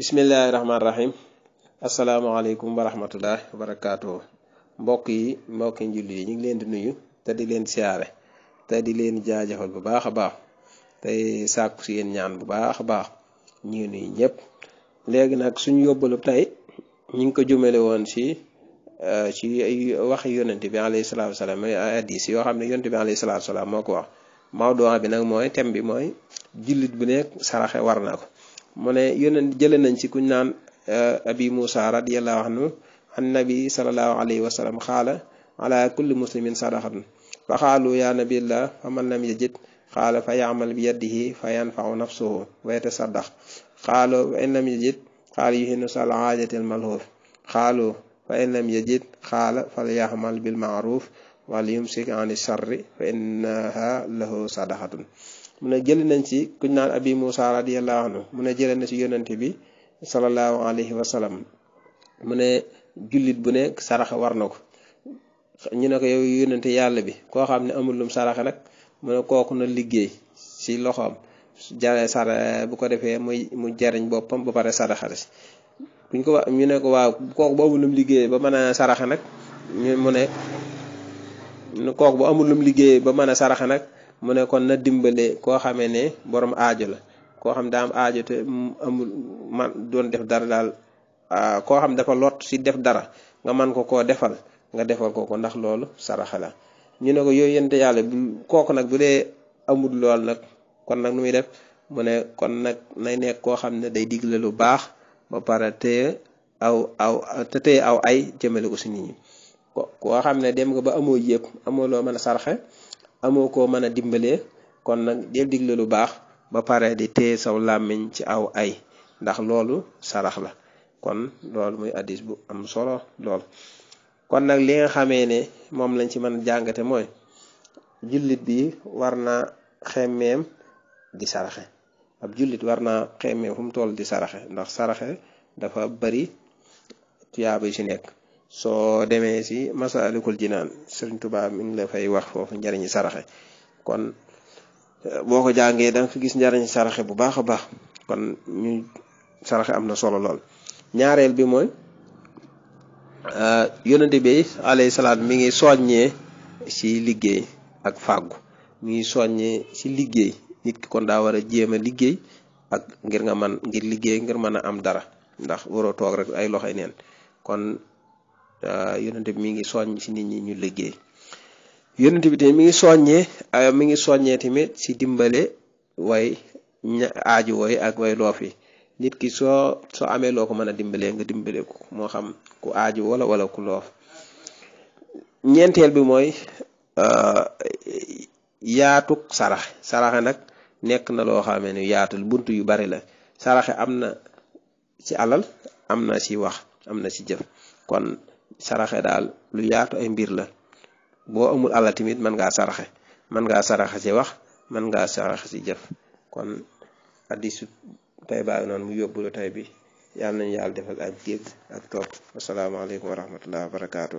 bismillahi rahmaani rahim asalaamaaleykum wa rahmatullahi wa mbokk yi mbokki njulli yi ñu ngi leen di nuyu te di leen siyaare te di leen jaajëfal bu baax a baax te sàkku si yéen ñaan bu baax a baax ñu nuyu ñëpp léegi nag suñu yóbbalu tey ñu ngi ko jumale woon si euh, ci ay waxi yonent bi alayhi salaam wasalaam ay hadiis yoo xam ne yonent bi alayhi salaatu wasalaam moo ko wax mawdu bi nag mooy thème bi mooy jullit bu nekk saraxe war na ko mune yonen jële nañ ci kuñ nan abi musa radiyallahu anhu an nabi salallahu alayhi wasallam khala ala kulli muslimin sadaqatun fa khalu ya nabillah fa man lam yajid khala fa yaamal bi yadihi fa yanfau nafsuhu wa yatasaddaq khalu fa in lam yajid khala yuhinu sal aajati malhuf khalu fa in lam yajid xaala fal bil ma'ruf wa yumsik an sharri fa innaha lahu sadaqatun mu ne jëli nañ ci kuñ naan abi Moussa radiyallahu anhu mu ne jëlee na ci yonante bi sallallahu alayhi wa mu ne jullit bu nekk saraxa war na ko ñu ne ko yow yonante yàlla bi koo xam ne amul lum saraxa nag mu ne kooku liggéey ci loxoom jaree sara bu ko defee muy mu jariñ boppam ba pare saraxa si kuñ ko ñu ne ko waaw kooku bu amul lum liggéey ba mën a saraxa nag ñu mu ne kooku bu amul lum liggéey ba mën a saraxa nag mu ne kon na dimbale koo xamee ne borom aajo la koo xam daa am aajo te amul man doon def dara daal koo xam dafa lot si def dara nga man ko koo defal nga defal ko ko ndax loolu saraxa la ñu ne ko yooyu yente yàlla bu kooku nag bu dee amul lool nag kon nag nu muy def mu ne kon nag nay nekk koo xam ne day digle lu baax ba pare te aw aw ay jëmale ko nii nit ko xam ne dem nga ba amoo yëpp amoo loo mën a sarxe amoo ko mën a dimbalee kon nag del digle lu baax ba pare di téye saw làmmiñ ci aw ay ndax loolu sarax la kon loolu muy addis bu am solo lool kon nag li nga xamee ne moom lañ ci mën a jàngate mooy jullit bi war naa xemmeem di saraxe ab jullit war naa xemmeem mu toll di saraxe ndax saraxe dafa bari tuyaaba yu ci nekk soo demee si masalikul jinaan sëriñ ba mi ngi la fay wax foofu njariñi saraxe kon eh, boo ko jàngee danga nga gis njariñi saraxe bu baax a baax kon ñu saraxe am na solo lool ñaareel bi mooy eh, yonente bi alayhi salaam mi ngi soññee si liggéey ak fàggu mu ngi soññee si liggéey nit ki kon daa war a jéem a liggéey ak ngir nga man ngir liggéey ngir mën a am dara ndax waroo toog rek ay loxoy neen kon Euh, yonent bi mi ngi soññ ci nit ñi ñu liggéey yonent bi mi ngi soññee euh, mi ngi soññee tamit ci dimbale way ña aaju ak way loof yi nit ki soo soo amee loo ko mën a dimbalee nga dimbalee ko moo xam ku aajo wala wala ku loof ñeenteel bi mooy euh, yaatuk sarax saraxe nag nekk na loo xamee yaatul bunt yu bari la saraxe am na ci alal am na ci wax am na ci jëf kon saraxe daal lu yaatu ay mbir la boo amul alal man mën ngaa saraxe man ngaa saraxe ci wax mën ngaa saraxe ci jëf kon hadisu tey baa ngi noonu mu yóbbulu tey bi yàlla nañu yàlla defal ak dégg ak topp wasalaamaaleykum wa rahmatullah wa barakaatu.